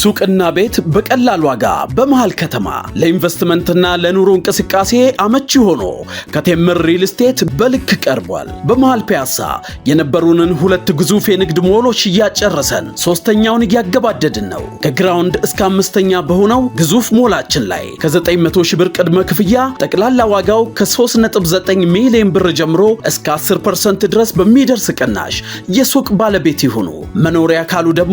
ሱቅና ቤት በቀላል ዋጋ በመሃል ከተማ ለኢንቨስትመንትና ለኑሮ እንቅስቃሴ አመቺ ሆኖ ከቴምር ሪል ስቴት በልክ ቀርቧል። በመሃል ፒያሳ የነበሩንን ሁለት ግዙፍ የንግድ ሞሎች እያጨረሰን ሶስተኛውን እያገባደድን ነው። ከግራውንድ እስከ አምስተኛ በሆነው ግዙፍ ሞላችን ላይ ከ900 ሺህ ብር ቅድመ ክፍያ ጠቅላላ ዋጋው ከ3.9 ሚሊዮን ብር ጀምሮ እስከ 10 ፐርሰንት ድረስ በሚደርስ ቅናሽ የሱቅ ባለቤት ይሁኑ። መኖሪያ ካሉ ደግሞ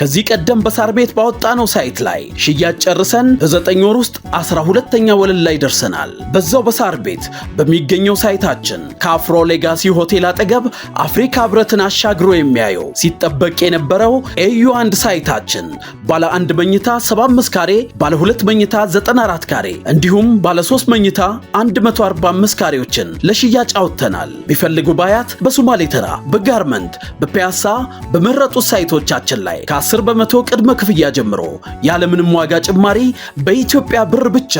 ከዚህ ቀደም በሳር ቤት ባወጣነው ሳይት ላይ ሽያጭ ጨርሰን በዘጠኝ ወር ውስጥ አስራ ሁለተኛ ወለል ላይ ደርሰናል። በዛው በሳር ቤት በሚገኘው ሳይታችን ከአፍሮ ሌጋሲ ሆቴል አጠገብ አፍሪካ ህብረትን አሻግሮ የሚያየው ሲጠበቅ የነበረው ኤዩ አንድ ሳይታችን ባለ አንድ መኝታ 75 ካሬ፣ ባለ ሁለት መኝታ 94 ካሬ እንዲሁም ባለ ሶስት መኝታ 145 ካሬዎችን ለሽያጭ አውጥተናል። ቢፈልጉ ባያት፣ በሶማሌ ተራ፣ በጋርመንት፣ በፒያሳ በመረጡት ሳይቶቻችን ላይ ከ10 በመቶ ቅድመ ክፍያ ክፍያ ጀምሮ ያለምንም ዋጋ ጭማሪ በኢትዮጵያ ብር ብቻ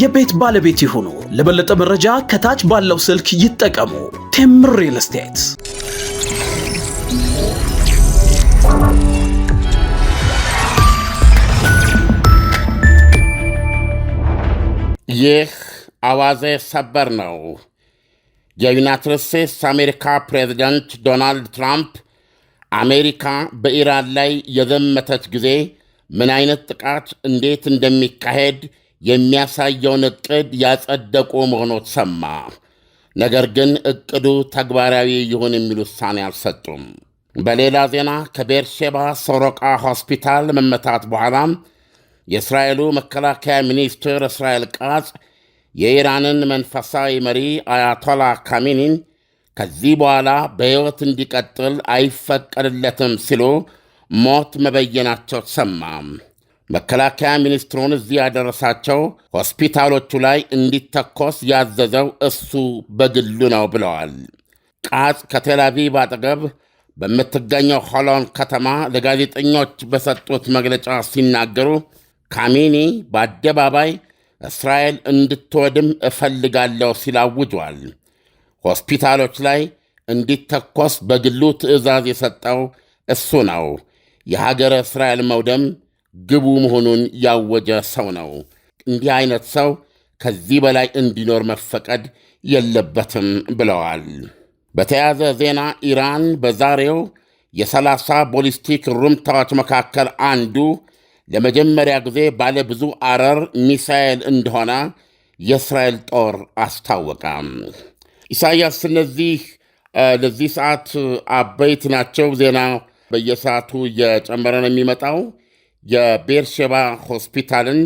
የቤት ባለቤት ይሁኑ። ለበለጠ መረጃ ከታች ባለው ስልክ ይጠቀሙ። ቴምር ሪል ስቴት። ይህ አዋዜ ሰበር ነው። የዩናይትድ ስቴትስ አሜሪካ ፕሬዝዳንት ዶናልድ ትራምፕ አሜሪካ በኢራን ላይ የዘመተች ጊዜ ምን አይነት ጥቃት እንዴት እንደሚካሄድ የሚያሳየውን እቅድ ያጸደቁ መሆኖት ሰማ። ነገር ግን እቅዱ ተግባራዊ ይሁን የሚል ውሳኔ አልሰጡም። በሌላ ዜና ከቤርሼባ ሶሮቃ ሆስፒታል መመታት በኋላ የእስራኤሉ መከላከያ ሚኒስትር እስራኤል ቃጽ የኢራንን መንፈሳዊ መሪ አያቶላ ካሚኒን ከዚህ በኋላ በሕይወት እንዲቀጥል አይፈቀድለትም ሲሉ ሞት መበየናቸው ተሰማ። መከላከያ ሚኒስትሩን እዚህ ያደረሳቸው ሆስፒታሎቹ ላይ እንዲተኮስ ያዘዘው እሱ በግሉ ነው ብለዋል። ቃጽ ከቴላቪቭ አጠገብ በምትገኘው ሆሎን ከተማ ለጋዜጠኞች በሰጡት መግለጫ ሲናገሩ ካሚኒ በአደባባይ እስራኤል እንድትወድም እፈልጋለሁ ሲላውጇል። ሆስፒታሎች ላይ እንዲተኮስ በግሉ ትዕዛዝ የሰጠው እሱ ነው። የሀገረ እስራኤል መውደም ግቡ መሆኑን ያወጀ ሰው ነው። እንዲህ አይነት ሰው ከዚህ በላይ እንዲኖር መፈቀድ የለበትም ብለዋል። በተያያዘ ዜና ኢራን በዛሬው የሰላሳ ቦሊስቲክ ሩምታዎች መካከል አንዱ ለመጀመሪያ ጊዜ ባለ ብዙ አረር ሚሳኤል እንደሆነ የእስራኤል ጦር አስታወቀ። ኢሳይያስ እነዚህ ለዚህ ሰዓት አበይት ናቸው ዜና በየሰዓቱ እየጨመረ ነው የሚመጣው። የቤርሼባ ሆስፒታልን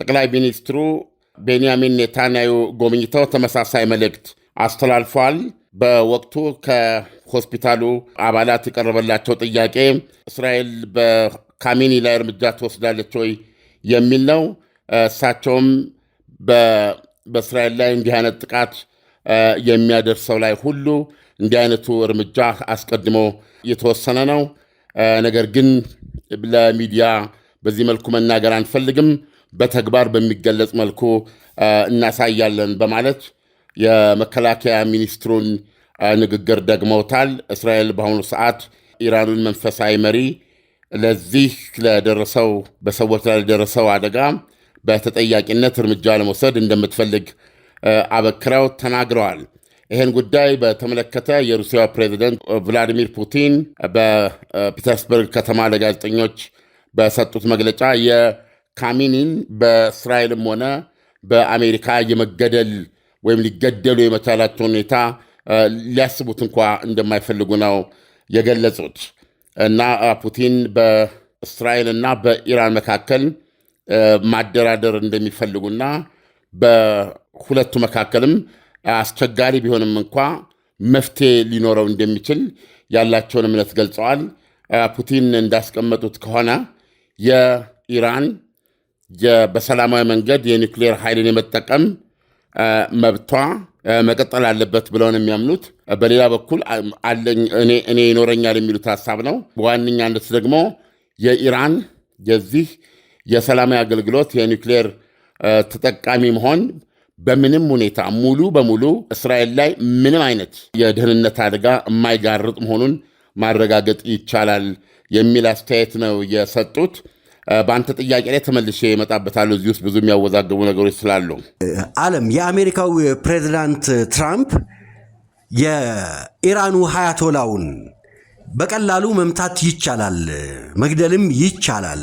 ጠቅላይ ሚኒስትሩ ቤንያሚን ኔታንያሁ ጎብኝተው ተመሳሳይ መልእክት አስተላልፏል። በወቅቱ ከሆስፒታሉ አባላት የቀረበላቸው ጥያቄ እስራኤል በካሚኒ ላይ እርምጃ ትወስዳለች ወይ የሚል ነው። እሳቸውም በእስራኤል ላይ እንዲህ አይነት ጥቃት የሚያደርሰው ላይ ሁሉ እንዲህ አይነቱ እርምጃ አስቀድሞ እየተወሰነ ነው። ነገር ግን ለሚዲያ በዚህ መልኩ መናገር አንፈልግም፣ በተግባር በሚገለጽ መልኩ እናሳያለን በማለት የመከላከያ ሚኒስትሩን ንግግር ደግመውታል። እስራኤል በአሁኑ ሰዓት ኢራኑን መንፈሳዊ መሪ ለዚህ ለደረሰው በሰዎች ላይ ለደረሰው አደጋ በተጠያቂነት እርምጃ ለመውሰድ እንደምትፈልግ አበክረው ተናግረዋል። ይህን ጉዳይ በተመለከተ የሩሲያ ፕሬዚደንት ቭላዲሚር ፑቲን በፒተርስበርግ ከተማ ለጋዜጠኞች በሰጡት መግለጫ የካሚኒን በእስራኤልም ሆነ በአሜሪካ የመገደል ወይም ሊገደሉ የመቻላቸው ሁኔታ ሊያስቡት እንኳ እንደማይፈልጉ ነው የገለጹት እና ፑቲን በእስራኤልና በኢራን መካከል ማደራደር እንደሚፈልጉና በሁለቱ መካከልም አስቸጋሪ ቢሆንም እንኳ መፍትሄ ሊኖረው እንደሚችል ያላቸውን እምነት ገልጸዋል። ፑቲን እንዳስቀመጡት ከሆነ የኢራን በሰላማዊ መንገድ የኒውክሌር ኃይልን የመጠቀም መብቷ መቀጠል አለበት ብለው ነው የሚያምኑት። በሌላ በኩል እኔ ይኖረኛል የሚሉት ሀሳብ ነው። በዋነኛነት ደግሞ የኢራን የዚህ የሰላማዊ አገልግሎት የኒውክሌር ተጠቃሚ መሆን በምንም ሁኔታ ሙሉ በሙሉ እስራኤል ላይ ምንም አይነት የደህንነት አደጋ የማይጋርጥ መሆኑን ማረጋገጥ ይቻላል የሚል አስተያየት ነው የሰጡት። በአንተ ጥያቄ ላይ ተመልሼ እመጣበታለሁ። እዚህ ውስጥ ብዙ የሚያወዛገቡ ነገሮች ስላሉ አለም የአሜሪካው ፕሬዚዳንት ትራምፕ የኢራኑ ሀያቶላውን በቀላሉ መምታት ይቻላል፣ መግደልም ይቻላል።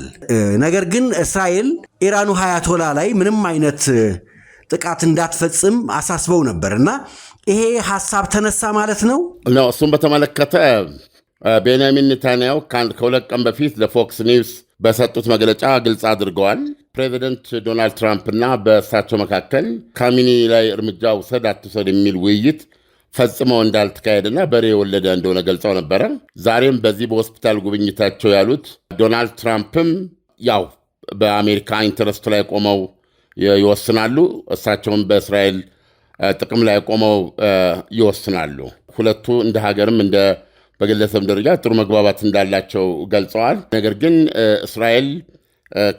ነገር ግን እስራኤል ኢራኑ ሀያቶላ ላይ ምንም አይነት ጥቃት እንዳትፈጽም አሳስበው ነበር እና ይሄ ሀሳብ ተነሳ ማለት ነው ነው እሱም በተመለከተ ቤንያሚን ኔታንያሁ ከሁለት ቀን በፊት ለፎክስ ኒውስ በሰጡት መግለጫ ግልጽ አድርገዋል። ፕሬዚደንት ዶናልድ ትራምፕ እና በእሳቸው መካከል ካሚኒ ላይ እርምጃ ውሰድ አትውሰድ የሚል ውይይት ፈጽመው እንዳልተካሄደና በሬ የወለደ እንደሆነ ገልጸው ነበረ። ዛሬም በዚህ በሆስፒታል ጉብኝታቸው ያሉት ዶናልድ ትራምፕም ያው በአሜሪካ ኢንተረስቱ ላይ ቆመው ይወስናሉ። እሳቸውም በእስራኤል ጥቅም ላይ ቆመው ይወስናሉ። ሁለቱ እንደ ሀገርም እንደ በግለሰብ ደረጃ ጥሩ መግባባት እንዳላቸው ገልጸዋል። ነገር ግን እስራኤል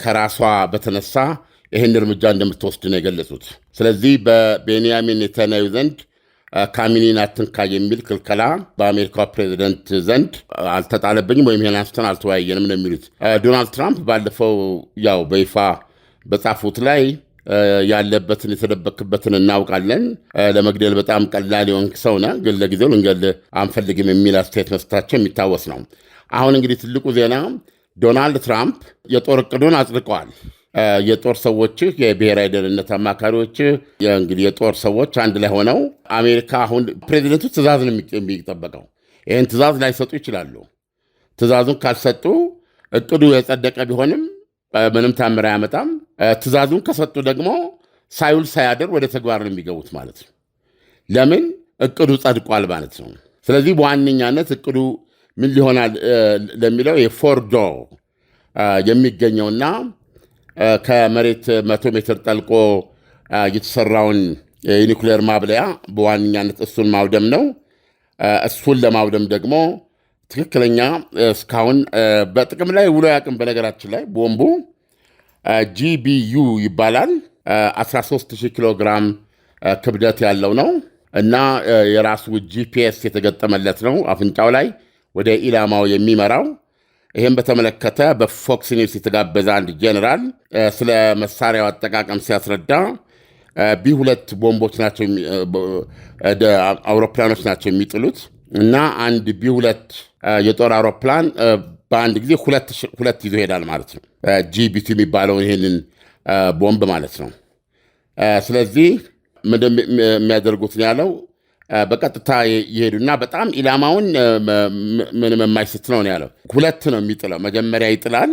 ከራሷ በተነሳ ይህን እርምጃ እንደምትወስድ ነው የገለጹት። ስለዚህ በቤንያሚን ኔታንያሁ ዘንድ ካሚኒን አትንካ የሚል ክልከላ በአሜሪካ ፕሬዚደንት ዘንድ አልተጣለብኝም ወይም ይህን አንስተን አልተወያየንም ነው የሚሉት። ዶናልድ ትራምፕ ባለፈው ያው በይፋ በጻፉት ላይ ያለበትን የተደበክበትን እናውቃለን። ለመግደል በጣም ቀላል የሆንክ ሰው ግን ለጊዜው ልንገል አንፈልግም የሚል አስተያየት መስጠታቸው የሚታወስ ነው። አሁን እንግዲህ ትልቁ ዜና ዶናልድ ትራምፕ የጦር እቅዱን አጽድቀዋል። የጦር ሰዎችህ፣ የብሔራዊ ደህንነት አማካሪዎችህ፣ እንግዲህ የጦር ሰዎች አንድ ላይ ሆነው አሜሪካ አሁን ፕሬዚደንቱ ትእዛዝ ነው የሚጠበቀው። ይህን ትእዛዝ ላይሰጡ ይችላሉ። ትእዛዙን ካልሰጡ እቅዱ የጸደቀ ቢሆንም ምንም ታምር አያመጣም። ትእዛዙን ከሰጡ ደግሞ ሳይውል ሳያደር ወደ ተግባር ነው የሚገቡት ማለት ነው። ለምን እቅዱ ጸድቋል ማለት ነው። ስለዚህ በዋነኛነት እቅዱ ምን ሊሆናል ለሚለው የፎርዶ የሚገኘውና ከመሬት መቶ ሜትር ጠልቆ የተሰራውን የኒውክሌር ማብለያ በዋነኛነት እሱን ማውደም ነው። እሱን ለማውደም ደግሞ ትክክለኛ እስካሁን በጥቅም ላይ ውሎ ያቅም። በነገራችን ላይ ቦምቡ ጂቢዩ ይባላል። 130 ኪሎ ግራም ክብደት ያለው ነው እና የራሱ ጂፒኤስ የተገጠመለት ነው አፍንጫው ላይ ወደ ኢላማው የሚመራው። ይህም በተመለከተ በፎክስ ኒውስ የተጋበዘ አንድ ጄኔራል ስለ መሳሪያው አጠቃቀም ሲያስረዳ ቢ ሁለት ቦምቦች ናቸው አውሮፕላኖች ናቸው የሚጥሉት እና አንድ ቢ ሁለት የጦር አውሮፕላን በአንድ ጊዜ ሁለት ይዞ ይሄዳል ማለት ነው። ጂቢቱ የሚባለው ይህንን ቦምብ ማለት ነው። ስለዚህ ምንድን የሚያደርጉት ያለው በቀጥታ ይሄዱና በጣም ኢላማውን ምንም የማይስት ነው ያለው። ሁለት ነው የሚጥለው። መጀመሪያ ይጥላል።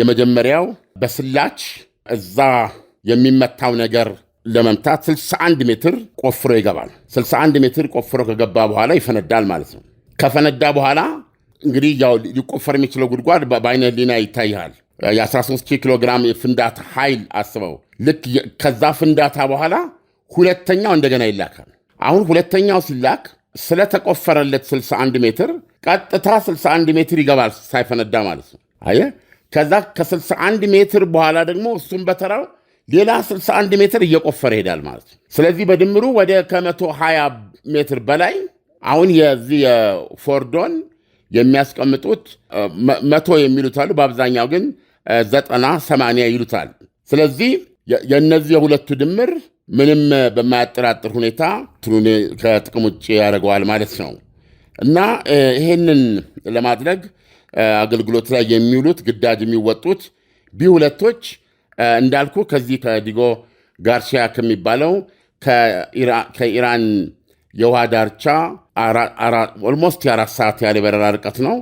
የመጀመሪያው በስላች እዛ የሚመታው ነገር ለመምታት 61 ሜትር ቆፍሮ ይገባል። 61 ሜትር ቆፍሮ ከገባ በኋላ ይፈነዳል ማለት ነው። ከፈነዳ በኋላ እንግዲህ ያው ሊቆፈር የሚችለው ጉድጓድ በአይነ ሊና ይታይሃል። የ13 ኪሎ ግራም የፍንዳታ ኃይል አስበው። ልክ ከዛ ፍንዳታ በኋላ ሁለተኛው እንደገና ይላካል። አሁን ሁለተኛው ሲላክ ስለተቆፈረለት 61 ሜትር ቀጥታ 61 ሜትር ይገባል ሳይፈነዳ ማለት ነው። አየህ። ከዛ ከ61 ሜትር በኋላ ደግሞ እሱም በተራው ሌላ 61 ሜትር እየቆፈረ ይሄዳል ማለት ነው። ስለዚህ በድምሩ ወደ ከ 20 ሜትር በላይ አሁን የዚህ የፎርዶን የሚያስቀምጡት መቶ የሚሉት አሉ። በአብዛኛው ግን ዘጠና ሰማንያ ይሉታል። ስለዚህ የእነዚህ የሁለቱ ድምር ምንም በማያጠራጥር ሁኔታ ትኑን ከጥቅም ውጭ ያደርገዋል ማለት ነው እና ይህንን ለማድረግ አገልግሎት ላይ የሚውሉት ግዳጅ የሚወጡት ቢ ሁለቶች እንዳልኩ ከዚህ ከዲጎ ጋርሲያ ከሚባለው ከኢራን የውሃ ዳርቻ ኦልሞስት የአራት ሰዓት ያለ የበረራ ርቀት ነው።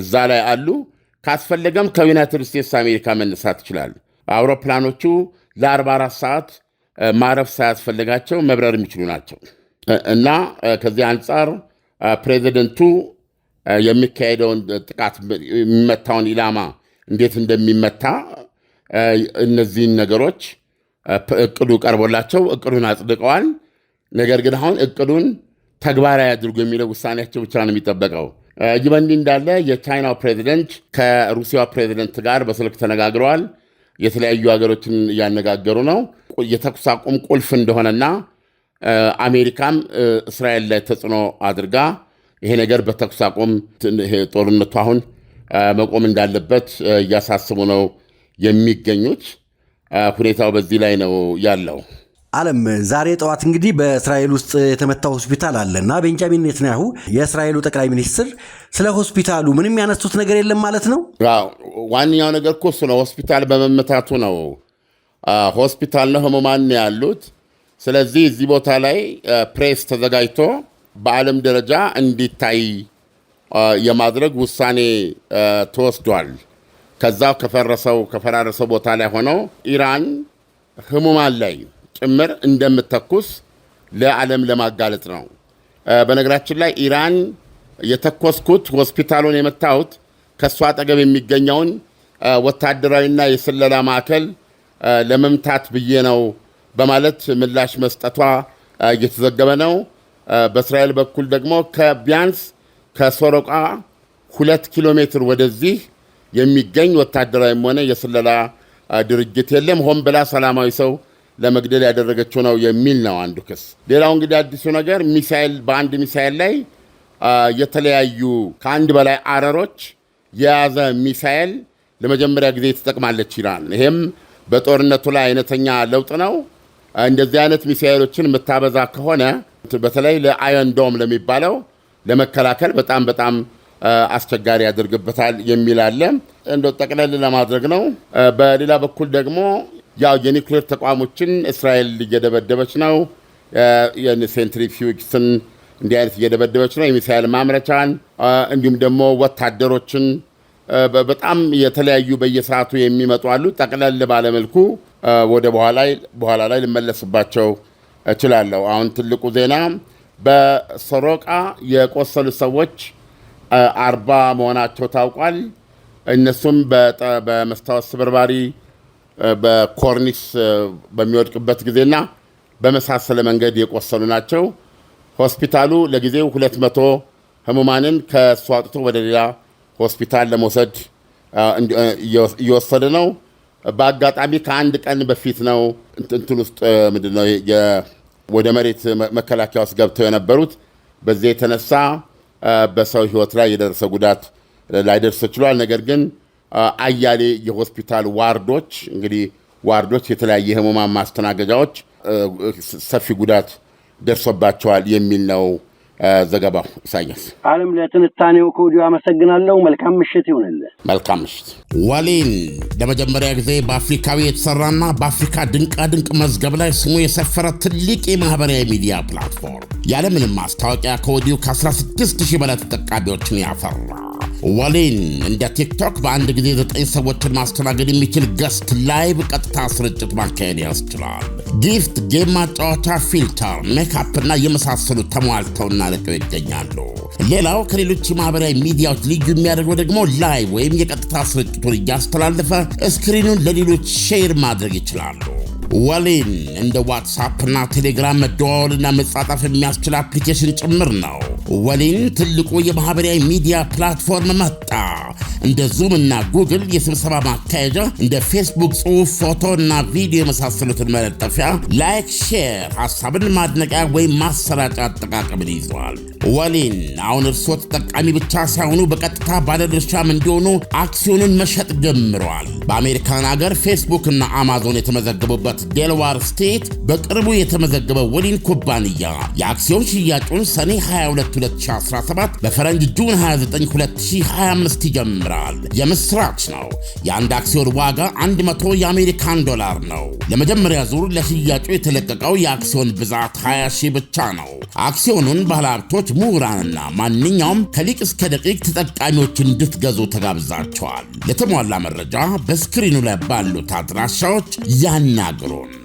እዛ ላይ አሉ። ካስፈለገም ከዩናይትድ ስቴትስ አሜሪካ መነሳት ይችላሉ። አውሮፕላኖቹ ለ44 ሰዓት ማረፍ ሳያስፈልጋቸው መብረር የሚችሉ ናቸው እና ከዚህ አንጻር ፕሬዚደንቱ የሚካሄደውን ጥቃት የሚመታውን ኢላማ እንዴት እንደሚመታ እነዚህን ነገሮች እቅዱ ቀርቦላቸው እቅዱን አጽድቀዋል። ነገር ግን አሁን እቅዱን ተግባራዊ አድርጉ የሚለው ውሳኔያቸው ብቻ ነው የሚጠበቀው። ይህ በእንዲህ እንዳለ የቻይናው ፕሬዚደንት ከሩሲያ ፕሬዚደንት ጋር በስልክ ተነጋግረዋል። የተለያዩ ሀገሮችን እያነጋገሩ ነው። የተኩስ አቁም ቁልፍ እንደሆነና አሜሪካም እስራኤል ላይ ተጽዕኖ አድርጋ ይሄ ነገር በተኩስ አቁም ጦርነቱ አሁን መቆም እንዳለበት እያሳስቡ ነው የሚገኙት። ሁኔታው በዚህ ላይ ነው ያለው። አለም ዛሬ ጠዋት እንግዲህ በእስራኤል ውስጥ የተመታ ሆስፒታል አለ እና ቤንጃሚን ኔትንያሁ የእስራኤሉ ጠቅላይ ሚኒስትር ስለ ሆስፒታሉ ምንም ያነሱት ነገር የለም ማለት ነው። ዋነኛው ነገር እኮ እሱ ነው። ሆስፒታል በመመታቱ ነው። ሆስፒታል ነው ህሙማን ያሉት። ስለዚህ እዚህ ቦታ ላይ ፕሬስ ተዘጋጅቶ በዓለም ደረጃ እንዲታይ የማድረግ ውሳኔ ተወስዷል። ከዛው ከፈረሰው ከፈራረሰው ቦታ ላይ ሆነው ኢራን ህሙማን ላይ ጭምር እንደምተኩስ ለዓለም ለማጋለጥ ነው። በነገራችን ላይ ኢራን የተኮስኩት ሆስፒታሉን የመታሁት ከእሱ አጠገብ የሚገኘውን ወታደራዊና የስለላ ማዕከል ለመምታት ብዬ ነው በማለት ምላሽ መስጠቷ እየተዘገበ ነው። በእስራኤል በኩል ደግሞ ከቢያንስ ከሶሮቃ ሁለት ኪሎ ሜትር ወደዚህ የሚገኝ ወታደራዊም ሆነ የስለላ ድርጅት የለም። ሆን ብላ ሰላማዊ ሰው ለመግደል ያደረገችው ነው የሚል ነው አንዱ ክስ። ሌላው እንግዲህ አዲሱ ነገር ሚሳይል በአንድ ሚሳይል ላይ የተለያዩ ከአንድ በላይ አረሮች የያዘ ሚሳይል ለመጀመሪያ ጊዜ ትጠቅማለች ይላል። ይሄም በጦርነቱ ላይ አይነተኛ ለውጥ ነው። እንደዚህ አይነት ሚሳይሎችን የምታበዛ ከሆነ በተለይ ለአየን ዶም ለሚባለው ለመከላከል በጣም በጣም አስቸጋሪ ያደርግበታል የሚል አለ። እንደ ጠቅለል ለማድረግ ነው። በሌላ በኩል ደግሞ ያው የኒውክሌር ተቋሞችን እስራኤል እየደበደበች ነው። ሴንትሪፊውጅስን እንዲህ አይነት እየደበደበች ነው። የሚሳይል ማምረቻን እንዲሁም ደግሞ ወታደሮችን በጣም የተለያዩ በየሰዓቱ የሚመጡ አሉ። ጠቅለል ባለመልኩ ወደ በኋላ ላይ ልመለስባቸው እችላለሁ። አሁን ትልቁ ዜና በሰሮቃ የቆሰሉ ሰዎች አርባ መሆናቸው ታውቋል። እነሱም በመስታወት ስብርባሪ በኮርኒስ በሚወድቅበት ጊዜና በመሳሰለ መንገድ የቆሰሉ ናቸው። ሆስፒታሉ ለጊዜው ሁለት መቶ ህሙማንን ከእሱ አውጥቶ ወደ ሌላ ሆስፒታል ለመውሰድ እየወሰደ ነው። በአጋጣሚ ከአንድ ቀን በፊት ነው እንትን ውስጥ ምንድን ነው ወደ መሬት መከላከያ ውስጥ ገብተው የነበሩት። በዚህ የተነሳ በሰው ህይወት ላይ የደረሰ ጉዳት ላይደርስ ችሏል። ነገር ግን አያሌ የሆስፒታል ዋርዶች እንግዲህ ዋርዶች የተለያየ ህሙማን ማስተናገጃዎች ሰፊ ጉዳት ደርሶባቸዋል የሚል ነው ዘገባው ኢሳያስ አለም፣ ለትንታኔው ከወዲሁ አመሰግናለሁ። መልካም ምሽት ይሆንልህ። መልካም ምሽት። ወሊን ለመጀመሪያ ጊዜ በአፍሪካዊ የተሰራና በአፍሪካ ድንቃድንቅ መዝገብ ላይ ስሙ የሰፈረ ትልቅ የማህበራዊ ሚዲያ ፕላትፎርም ያለምንም ማስታወቂያ ከወዲሁ ከ 16000 በላይ ተጠቃሚዎችን ያፈራ ወሊን እንደ ቲክቶክ በአንድ ጊዜ ዘጠኝ ሰዎችን ማስተናገድ የሚችል ገስት ላይቭ ቀጥታ ስርጭት ማካሄድ ያስችላል። ጊፍት፣ ጌም ማጫወቻ፣ ፊልተር፣ ሜካፕና የመሳሰሉ ተሟልተውና ልቀው ይገኛሉ። ሌላው ከሌሎች የማህበራዊ ሚዲያዎች ልዩ የሚያደርገው ደግሞ ላይቭ ወይም የቀጥታ ስርጭቱን እያስተላለፈ ስክሪኑን ለሌሎች ሼር ማድረግ ይችላሉ። ወሊን እንደ ዋትሳፕና ቴሌግራም መደዋወልና መጻጣፍ የሚያስችል አፕሊኬሽን ጭምር ነው። ወሊን ትልቁ የማህበራዊ ሚዲያ ፕላትፎርም መጣ። እንደ ዙም እና ጉግል የስብሰባ ማካሄጃ፣ እንደ ፌስቡክ ጽሑፍ፣ ፎቶ እና ቪዲዮ የመሳሰሉትን መለጠፊያ፣ ላይክ፣ ሼር፣ ሀሳብን ማድነቂያ ወይም ማሰራጫ አጠቃቀምን ይዘዋል። ወሊን አሁን እርስዎ ተጠቃሚ ብቻ ሳይሆኑ በቀጥታ ባለድርሻም እንዲሆኑ አክሲዮንን መሸጥ ጀምረዋል። በአሜሪካን አገር ፌስቡክ እና አማዞን የተመዘገቡበት ዴልዋር ስቴት በቅርቡ የተመዘገበ ወሊን ኩባንያ የአክሲዮን ሽያጩን ሰኔ 22 2017 በፈረንጅ ጁን 29 2025 ይጀምራል። የምስራች ነው። የአንድ አክሲዮን ዋጋ 100 የአሜሪካን ዶላር ነው። ለመጀመሪያ ዙር ለሽያጩ የተለቀቀው የአክሲዮን ብዛት 20 ሺህ ብቻ ነው። አክሲዮኑን ባለሀብቶች፣ ምሁራንና ማንኛውም ከሊቅ እስከ ደቂቅ ተጠቃሚዎች እንድትገዙ ተጋብዛቸዋል። ለተሟላ መረጃ በስክሪኑ ላይ ባሉት አድራሻዎች ያናግሩን።